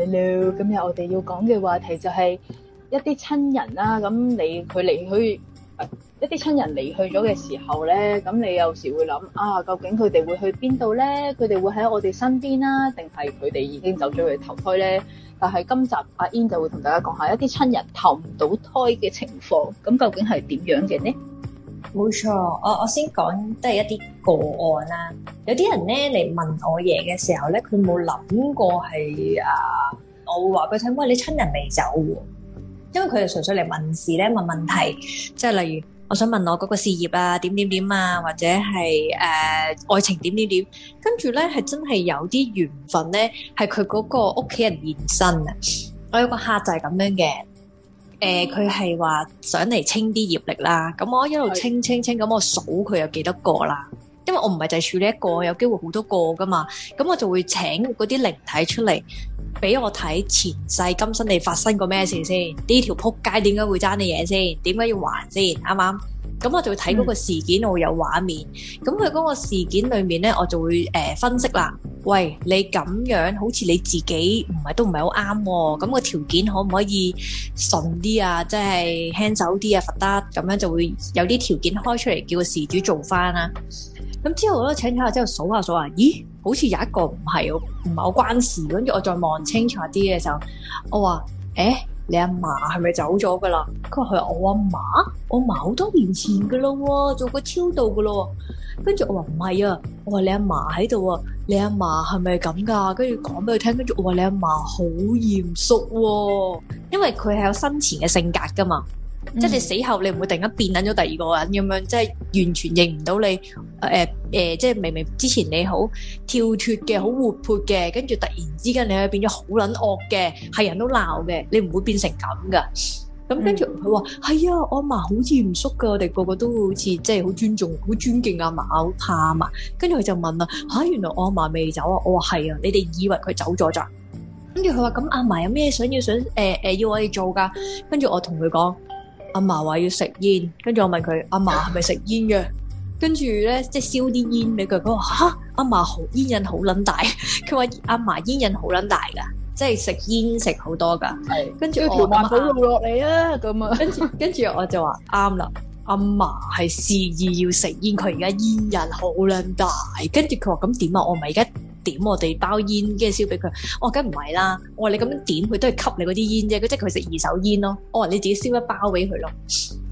Hello，今日我哋要講嘅話題就係一啲親人啦、啊。咁你佢離去，啊、一啲親人離去咗嘅時候呢，咁你有時會諗啊，究竟佢哋會去邊度呢？佢哋會喺我哋身邊啦、啊，定係佢哋已經走咗去投胎呢？但係今集阿 In 就會同大家講下一啲親人投唔到胎嘅情況，咁究竟係點樣嘅呢？ 冇錯，我我先講都係一啲個案啦。有啲人咧嚟問我嘢嘅時候咧，佢冇諗過係啊，我會話俾佢聽，喂，你親人未走喎？因為佢係純粹嚟問事咧，問問題，即係例如我想問我嗰個事業啊點點點啊，或者係誒愛情點點點，跟住咧係真係有啲緣分咧，係佢嗰個屋企人現身啊！我有個客就係咁樣嘅。誒，佢係話想嚟清啲業力啦，咁我一路清清清，咁是我數佢有幾多個啦，因為我唔係就係處理一個，有機會好多個噶嘛，咁我就會請嗰啲靈體出嚟俾我睇前世今生你發生過咩事先，呢條撲街點解會爭你嘢先，點解要還先，啱唔啱？咁我就會睇嗰個事件，我會有畫面。咁佢嗰個事件裏面咧，我就會誒、呃、分析啦。喂，你咁樣好似你自己唔係都唔係好啱喎。咁、個條件可唔可以順啲啊？即係輕手啲啊，罰得咁樣就會有啲條件開出嚟，叫個事主做翻啦、啊。咁之後我都請下之即係數下數下，咦，好似有一個唔係唔係好關事。跟住我再望清楚啲嘅時候，我話誒。欸你阿嫲係咪走咗噶啦？佢話係我阿嫲，我嫲好多年前噶咯，做過超度噶咯。跟住我話唔係啊，我話你阿嫲喺度啊，你阿嫲係咪咁噶？跟住講俾佢聽，跟住我話你阿嫲好嚴肅喎，因為佢係有生前嘅性格噶嘛。嗯、即係你死後，你唔會突然間變捻咗第二個人咁樣，即係完全認唔到你。誒、呃、誒、呃，即係明明之前你好跳脱嘅，好、嗯、活潑嘅，跟住突然之間你又變咗好撚惡嘅，係人都鬧嘅，你唔會變成咁噶。咁、嗯嗯、跟住佢話係啊，我阿嫲好似唔縮噶，我哋個個都好似即係好尊重、好尊敬阿嫲，好怕阿嫲。跟住佢就問啦，吓、啊、原來我阿嫲未走啊？我話係啊，你哋以為佢走咗咋？跟住佢話咁阿嫲有咩想要想誒誒要我哋做噶？跟住我同佢講。阿嫲話要食煙，跟住我問佢：阿嫲係咪食煙嘅？跟住咧即係燒啲煙俾佢。佢話，吓，阿嫲好煙癮好撚大。佢 話阿嫲煙癮好撚大噶，即係食煙食好多噶。跟住對我阿媽好落嚟啊咁啊。跟住跟住我就話啱啦。阿嫲係示意要食煙，佢而家煙癮好撚大。跟住佢話咁點啊？我咪而家。點我哋包煙，跟住燒俾佢。我話梗唔係啦，我、哦、話你咁樣點，佢都係吸你嗰啲煙啫。佢即係佢食二手煙咯。我、哦、話你自己燒一包俾佢咯。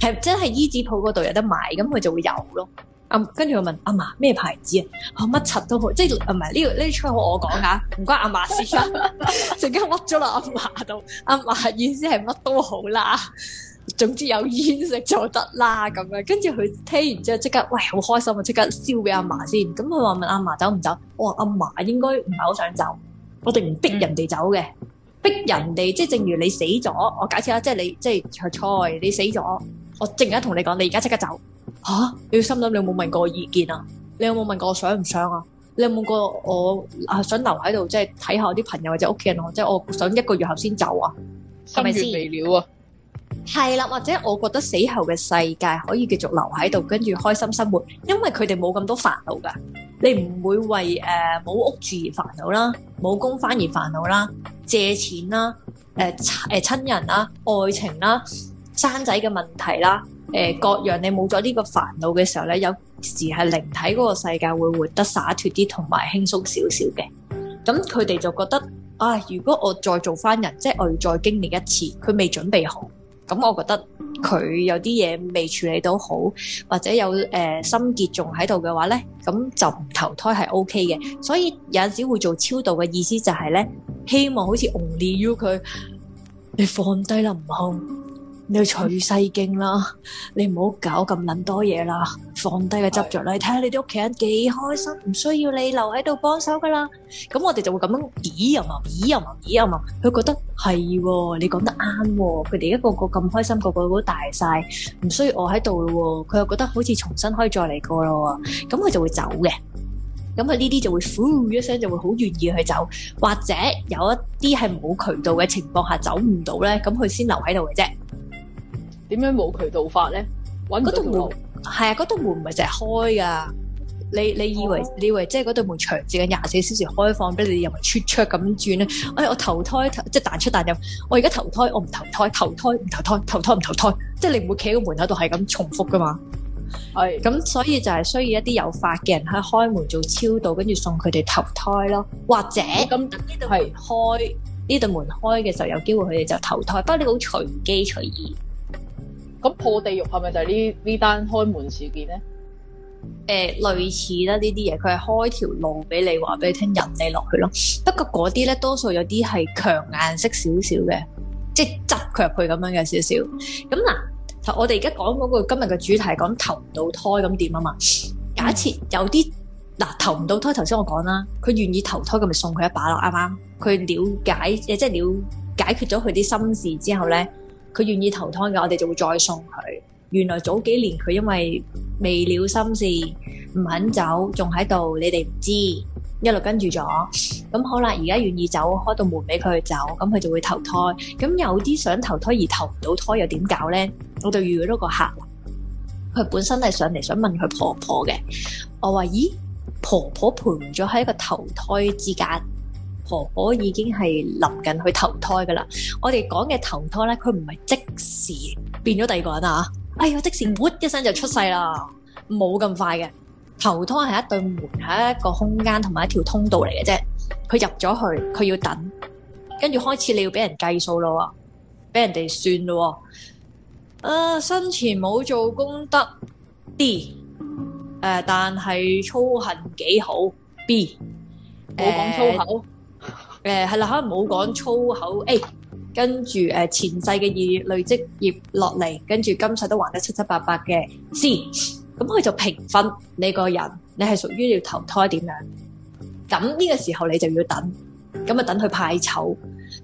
係真係衣紙鋪嗰度有得買，咁佢就會有咯。阿跟住我問阿嫲咩牌子啊？我乜柒都好，即係唔係呢？呢、啊、出我講噶，唔關阿嫲事。陣間屈咗啦，阿嫲度，阿嫲意思係乜都好啦。總之有煙食就得啦，咁樣。跟住佢聽完之後即刻，喂，好開心啊！即刻燒俾阿嫲先。咁佢話，問阿嫲走唔走？我話阿嫲應該唔係好想走。我哋唔逼人哋走嘅，逼人哋，即係正如你死咗，我假設啦，即係你即係菜，你死咗，我即刻同你講，你而家即刻走吓、啊？你要心諗，你有冇問過我意見啊？你有冇問過我想唔想啊？你有冇過我啊，想留喺度，即係睇下我啲朋友或者屋企人我，即係我想一個月後先走啊？係咪先？未料啊！係啦，或者我覺得死後嘅世界可以繼續留喺度，跟住開心生活，因為佢哋冇咁多煩惱噶。你唔會為誒冇、呃、屋住而煩惱啦，冇工翻而煩惱啦，借錢啦、啊，誒誒親人啦、啊，愛情啦、啊，生仔嘅問題啦、啊，誒、呃、各樣你冇咗呢個煩惱嘅時候咧，有時係靈體嗰個世界會活得灑脫啲，同埋輕鬆少少嘅。咁佢哋就覺得啊，如果我再做翻人，即、就、係、是、我要再經歷一次，佢未準備好。咁我覺得佢有啲嘢未處理到好，或者有誒、呃、心結仲喺度嘅話咧，咁就唔投胎係 O K 嘅。所以有陣時會做超度嘅意思就係咧，希望好似 only you 佢，你放低啦唔好。你去取 hora, 西經啦，你唔好搞咁捻多嘢啦，放低個執着啦，你睇下 descon, 看看你啲屋企人幾開心，唔需要你留喺度幫手噶啦。咁我哋就會咁樣咦，又問咦，又問咦，又問。佢覺得係你講得啱，佢哋一個個咁開心，個個都大晒，唔需要我喺度咯。佢又覺得好似重新可以再嚟過咯，咁佢就會走嘅。咁佢呢啲就會呼一聲，就會好願意去走。或者有一啲係冇渠道嘅情況下 ki, 走唔到咧，咁佢先留喺度嘅啫。點樣冇渠道法咧？嗰道門係、哦、啊，嗰道門唔係淨係開噶你你以為、哦、你以為即係嗰道門長住緊廿四小時開放俾你，又咪撮撮咁轉咧？哎，我投胎投即係彈出彈入。我而家投胎，我唔投胎，投胎唔投胎，投胎唔投，投胎，即係你唔會企喺個門口度係咁重複噶嘛係咁、哎，所以就係需要一啲有法嘅人喺開門做超度，跟住送佢哋投胎咯。或者咁，等呢度、嗯、門開呢度是門開嘅時候，有機會佢哋就投胎。不過你好隨機隨意。咁破地獄係咪就係呢呢單開門事件咧？誒、呃，類似啦呢啲嘢，佢係開條路俾你話俾你聽，引你落去咯。不過嗰啲咧多數有啲係強硬色少少嘅，即係執腳佢咁樣嘅少少。咁、嗯、嗱，嗯、我哋而家講嗰個今日嘅主題，講投唔到胎咁點啊嘛？假設有啲嗱、啊、投唔到胎，頭先我講啦，佢願意投胎，咁咪送佢一把咯啱啱？佢、嗯嗯嗯、了解誒，即係了解決咗佢啲心事之後咧。佢願意投胎嘅，我哋就會再送佢。原來早幾年佢因為未了心事，唔肯走，仲喺度，你哋唔知，一路跟住咗。咁好啦，而家願意走，開道門俾佢走，咁佢就會投胎。咁有啲想投胎而投唔到胎，又點搞呢？我就遇到個客，佢本身係上嚟想問佢婆婆嘅，我話：咦，婆婆陪唔咗喺一個投胎之間。婆婆已經係臨近去投胎噶啦，我哋講嘅投胎咧，佢唔係即時變咗第二個人啊！哎呀，即時，whut，一聲就出世啦，冇咁快嘅。投胎係一對門，係一個空間同埋一條通道嚟嘅啫。佢入咗去，佢要等，跟住開始你要俾人計數咯，俾人哋算咯。啊，生前冇做功德 D，誒，但係操行幾好 B，冇講粗口。誒，係啦，可能冇講粗口。A，、哎、跟住誒、呃、前世嘅二累積業落嚟，跟住今世都還得七七八八嘅。先，咁佢就評分你個人，你係屬於要投胎點樣？咁呢個時候你就要等，咁啊等佢派籌。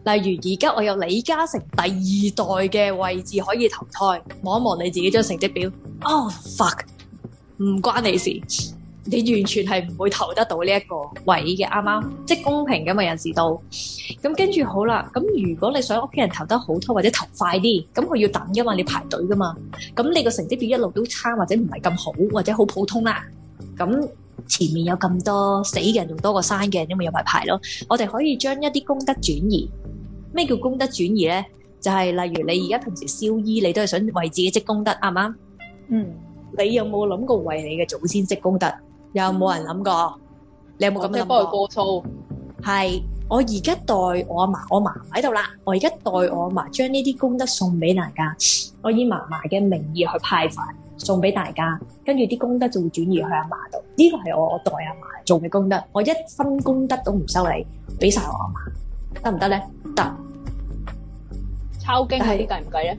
例如而家我有李嘉誠第二代嘅位置可以投胎，望一望你自己張成績表。o、oh, fuck，唔關你事。你完全係唔會投得到呢一個位嘅，啱啱即係公平嘅嘛，人事道。咁跟住好啦，咁如果你想屋企人投得好多或者投快啲，咁佢要等嘅嘛，你排隊嘅嘛。咁你個成績表一路都差或者唔係咁好或者好普通啦，咁前面有咁多死嘅人仲多過生嘅，因為有埋排咯。我哋可以將一啲功德轉移。咩叫功德轉移咧？就係、是、例如你而家平時燒衣，你都係想為自己積功德，啱啱。嗯，你有冇諗過為你嘅祖先積功德？有冇人諗過？你有冇咁諗過？即係幫佢過數。係我而家代我阿嫲，我阿嫲唔喺度啦。我而家代我阿嫲，將呢啲功德送俾大家。我以嫲嫲嘅名義去派發，送俾大家。跟住啲功德就會轉移去阿嫲度。呢個係我代阿嫲做嘅功德，我一分功德都唔收你，俾晒我阿嫲得唔得咧？得抄經係計唔計咧？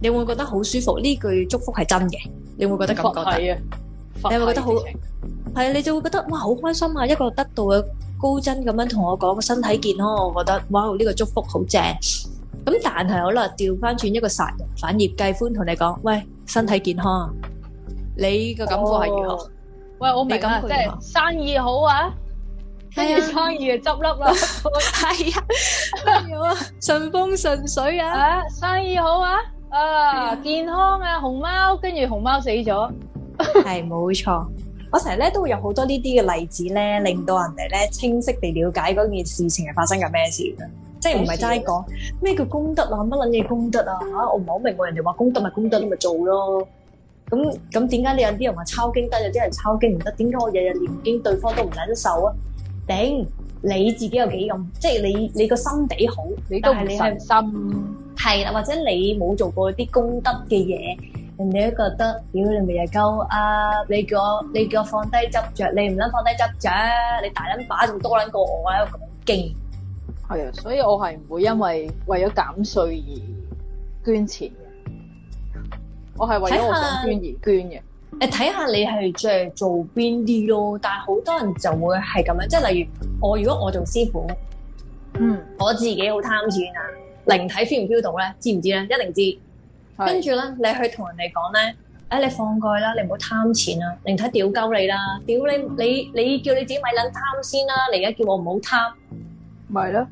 你會覺得好舒服？呢句祝福係真嘅，你會覺得感覺？你係咪覺得好係啊？你就會覺得哇，好開心啊！一個得道嘅高僧咁樣同我講，身體健康，我覺得哇，呢個祝福好正。咁但係好啦，掉返轉一個殺人犯葉繼歡同你講，喂，身體健康啊，你嘅感覺係如何？喂，我唔係感覺，即係生意好啊，係啊，生意啊執笠啦，係啊，順風順水啊，生意好啊。啊，uh, 健康啊，熊貓，跟住熊貓死咗，係冇錯。我成日咧都會有好多呢啲嘅例子咧，嗯、令到人哋咧清晰地了解嗰件事情係發生緊咩事，事。即係唔係齋講咩叫功德啊，乜撚嘢功德啊？吓，我唔係好明喎。人哋話功德咪功德咯，咪做咯。咁咁點解你有啲人話抄經得，有啲人抄經唔得？點解我日日念經，對方都唔忍受啊？頂！ 你自己有幾咁？即係你你個心地好，你都唔心。係啦，或者你冇做過啲功德嘅嘢，人哋都覺得，屌、哎、你咪日夠啊！你叫我你叫我放低執着，你唔捻放低執着，你大捻把仲多捻過我喺度咁勁。係啊，所以我係唔會因為為咗減稅而捐錢嘅，我係為咗我想捐而捐嘅。誒，睇下你係即係做邊啲咯，但係好多人就會係咁樣，即係例如我如果我做師傅，嗯，我自己好貪錢啊。靈體 feel 唔 feel 到咧？知唔知咧？一定知。跟住咧，你去同人哋講咧，誒、哎，你放過啦，你唔好貪錢啦，靈體屌鳩你啦，屌你你你叫你自己咪撚貪先啦，你而家叫我唔好貪，咪咯的，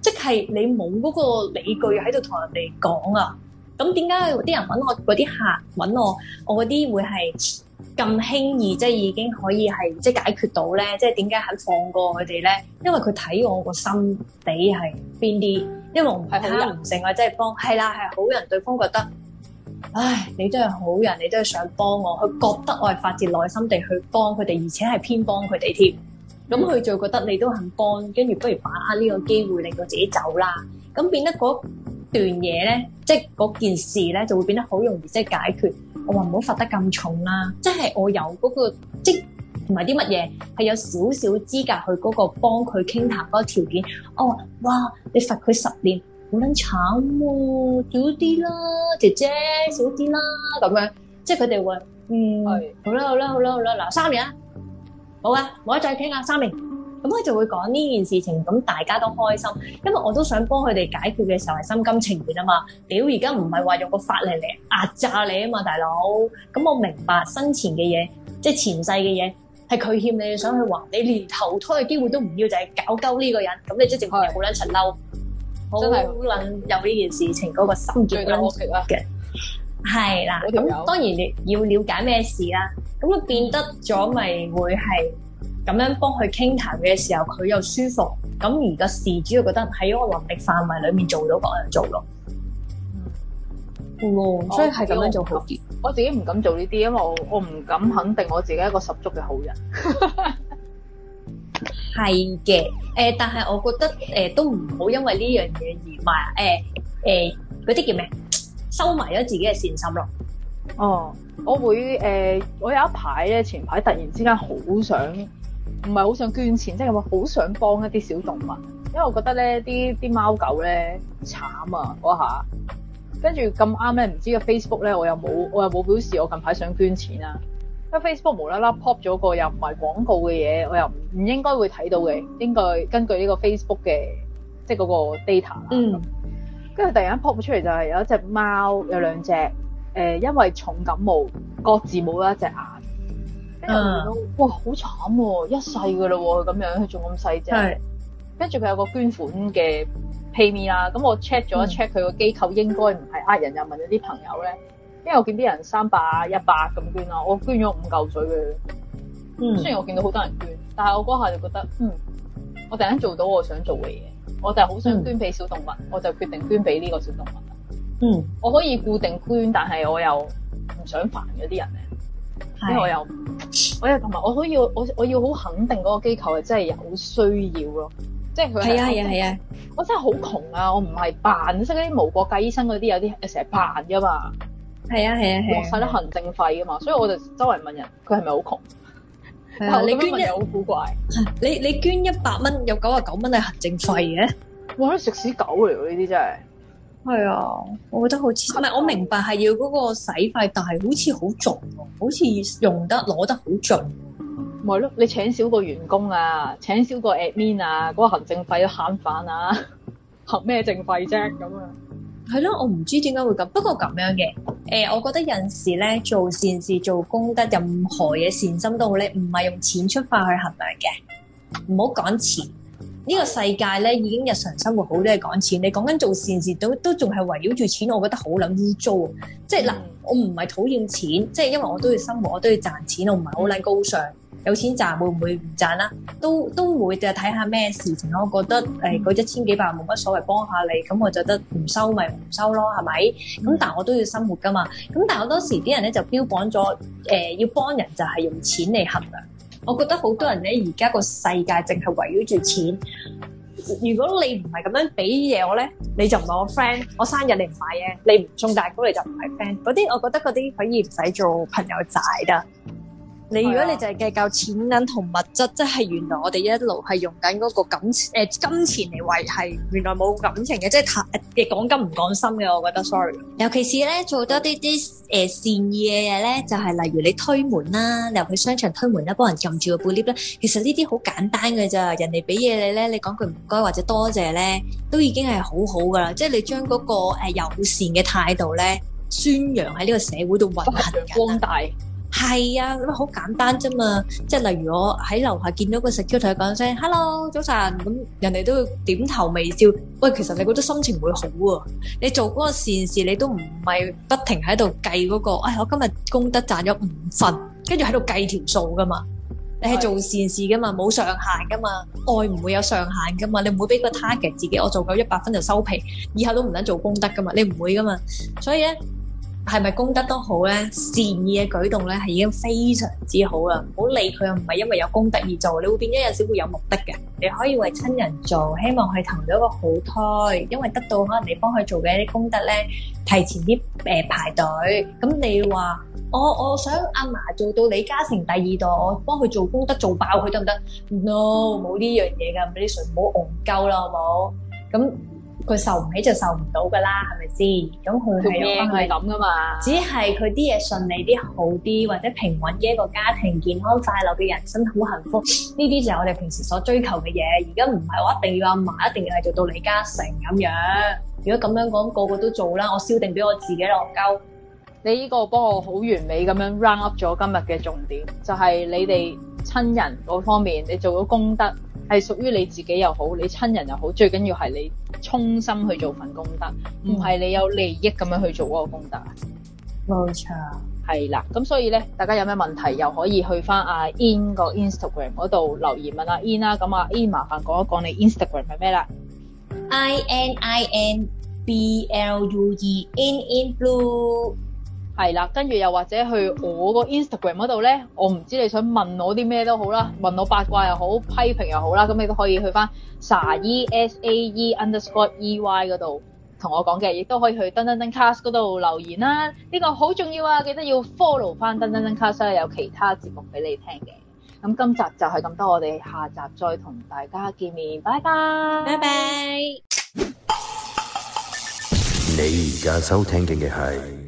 即係你冇嗰個理據喺度同人哋講啊。咁點解啲人揾我嗰啲客揾我，我嗰啲會係咁輕易即係已經可以係即係解決到咧？即係點解肯放過佢哋咧？因為佢睇我個心地係邊啲。因為唔係好人性啊，即係幫係啦，係好人。對方覺得，唉，你都係好人，你都係想幫我，佢覺得我係發自內心地去幫佢哋，而且係偏幫佢哋添。咁佢就覺得你都肯幫，跟住不如把握呢個機會令到自己走啦。咁變得嗰段嘢咧，即係嗰件事咧，就會變得好容易即係解決。我話唔好罰得咁重啦，即係我有嗰個即。同埋啲乜嘢係有少少資格去嗰個幫佢傾談嗰個條件？我話：哇，你罰佢十年，好撚慘喎！少啲啦，姐姐少啲啦，咁樣即係佢哋會：嗯，係是好啦，好啦，好啦，好啦。嗱，三年，好啊，我再傾啊，三年。咁我就會講呢件事情，咁大家都開心，因為我都想幫佢哋解決嘅時候係心甘情願啊嘛。屌，而家唔係話用個法嚟嚟壓榨你啊嘛，大佬。咁我明白生前嘅嘢，即係前世嘅嘢。係佢欠你，想去還，你連投胎嘅機會都唔要，就係、是、搞鳩呢個人，咁你即係淨係好兩層嬲，好撚的有呢件事情嗰、那個心結啦嘅，係啦，咁當然你要了解咩事啦，咁佢變得咗，咪會係咁樣幫佢傾談嘅時候，佢又舒服，咁而家事主就覺得喺我能力範圍裡面做到，個人做咯。Oh, 所以係咁樣做好啲。我自己唔敢做呢啲，因為我我唔敢肯定我自己係一個十足嘅好人。係 嘅，誒、呃，但係我覺得誒、呃，都唔好因為呢樣嘢而買，誒、呃、誒，嗰、呃、啲叫咩？收埋咗自己嘅善心咯。哦，我會誒、呃，我有一排咧，前排突然之間好想，唔係好想捐錢，即係話好想幫一啲小動物，因為我覺得咧，啲啲貓狗咧慘啊，嗰下。跟住咁啱咧，唔知個 Facebook 咧，我又冇，我又冇表示我近排想捐錢啦。因為 Facebook 無啦啦 pop 咗個又唔係廣告嘅嘢，我又唔應該會睇到嘅。應該根據呢個 Facebook 嘅即係嗰個 data 啦。嗯。跟住突然間 pop 出嚟就係有一隻貓，有兩隻誒、呃，因為重感冒，各自冇咗一隻眼。跟住嗯。哇！好慘喎，一世㗎啦喎，咁樣佢仲咁細隻。跟住佢有個捐款嘅 pay me 啦，咁我 check 咗一、嗯、check 佢個機構應該唔係呃人，人，又問咗啲朋友咧，因為我見啲人三百、一百咁捐啊，我捐咗五嚿水俾佢。嗯。雖然我見到好多人捐，但係我嗰下就覺得，嗯，我突然間做到我想做嘅嘢，我就係好想捐俾小動物，嗯、我就決定捐俾呢個小動物。嗯。我可以固定捐，但係我又唔想煩嗰啲人咧，因為我又我又同埋我可以我我，我要好肯定嗰個機構係真係有需要咯。即係佢係，係啊係啊！啊啊我真係好窮啊！我唔係扮，識嗰啲無國界醫生嗰啲有啲成日扮噶嘛。係啊係啊係。啊啊落曬啲行政費噶嘛，所以我就周圍問人，佢係咪好窮？你捐一好古怪。你你捐一百蚊，有九十九蚊係行政費嘅。我哇！食屎狗嚟喎呢啲真係。係啊，我覺得好似。唔係，我明白係要嗰個使費，但係好似、啊、好盡好似用得攞得好盡、啊。咪咯，你請少個員工啊，請少個 admin 啊，嗰、那個行政費都慳返啊，合咩政費啫咁啊？係咯， 我唔知點解會咁。不過咁樣嘅，誒、呃，我覺得有時咧做善事、做功德、任何嘢善心都好咧，唔係用錢出發去衡量嘅。唔好講錢，呢、這個世界咧已經日常生活好都係講錢。你講緊做善事都都仲係圍繞住錢，我覺得好撚污糟啊！即係嗱，我唔係討厭錢，即係因為我都要生活，我都要賺錢，我唔係好撚高尚。有錢賺會唔會唔賺啦？都都會就睇下咩事情。我覺得誒，嗰、欸、一千幾百冇乜所謂，幫下你咁我就得，唔收咪唔收咯，係咪？咁、嗯、但係我都要生活噶嘛。咁但係好多時啲人咧就標榜咗誒、呃，要幫人就係用錢嚟衡量。我覺得好多人咧而家個世界淨係圍繞住錢。如果你唔係咁樣俾嘢我咧，你就唔係我 friend。我生日你唔買嘢，你唔送大 gift 你就唔係 friend。嗰啲我覺得嗰啲可以唔使做朋友仔啦。你如果你就係計較錢銀同物質，即係原來我哋一路係用緊嗰個金誒金錢嚟維係，原來冇感情嘅，即係談亦講金唔講心嘅，我覺得 sorry。尤其是咧做多啲啲誒善意嘅嘢咧，就係、是、例如你推門啦，你去商場推門啦，幫人撳住個玻璃啦，其實呢啲好簡單嘅咋，人哋俾嘢你咧，你講句唔該或者多謝咧，都已經係好好噶啦，即係你將嗰個誒友善嘅態度咧，宣揚喺呢個社會度運行光大。係啊，咁好簡單啫嘛！即係例如我喺樓下見到個 Sec Q，同佢講聲 hello 早晨，咁人哋都會點頭微笑。喂，其實你覺得心情會好啊？你做嗰個善事，你都唔係不停喺度計嗰個。哎，我今日功德賺咗五分，跟住喺度計條數噶嘛？你係做善事噶嘛？冇上限噶嘛？愛唔會有上限噶嘛？你唔會俾個 target 自己，我做夠一百分就收皮，以後都唔使做功德噶嘛？你唔會噶嘛？所以咧。係咪功德都好咧？善意嘅舉動咧，係已經非常之好啦。唔好理佢，又唔係因為有功德而做，你會變咗有少少有目的嘅。你可以為親人做，希望佢投咗一個好胎，因為得到可能你幫佢做嘅一啲功德咧，提前啲誒排隊。咁你話我我想阿嫲做到李嘉誠第二代，我幫佢做功德做爆佢得唔得？No，冇呢樣嘢噶，畀啲水，唔好戇鳩啦，好冇咁。佢受唔起就受唔到㗎啦，係咪先？咁佢係咁㗎嘛？只係佢啲嘢順利啲、好啲或者平穩嘅一個家庭、健康快樂嘅人生好幸福。呢啲就係我哋平時所追求嘅嘢。而家唔係話一定要阿嫲一定要係做到李嘉誠咁樣。如果咁樣講，個個都做啦。我燒定俾我自己落鳩，你呢個幫我好完美咁樣 round up 咗今日嘅重點，就係、是、你哋親人嗰方面，你做咗功德係、嗯、屬於你自己又好，你親人又好，最緊要係你。衷心去做份功德，唔係、嗯、你有利益咁樣去做嗰個功德冇錯，係啦錯。咁所以咧，大家有咩問題又可以去翻阿、啊、In 個 Instagram 嗰度留言問阿 In 啦。咁阿 In 麻煩講一講你 Instagram 係咩啦？I N I N B L U E，In In Blue。係啦，跟住又或者去我個 Instagram 嗰度咧，我唔知你想問我啲咩都好啦，問我八卦又好，批評又好啦，咁你都可以去翻 sae s、AS、a e underscore ey 嗰度同我講嘅，亦都可以去登登登 cast 嗰度留言啦。呢、呢個好重要啊，記得要 follow 翻登登登 cast，有其他節目俾你聽嘅。咁今集就係咁多，我哋下集再同大家見面，拜拜，拜拜 bye。你而家收聽嘅係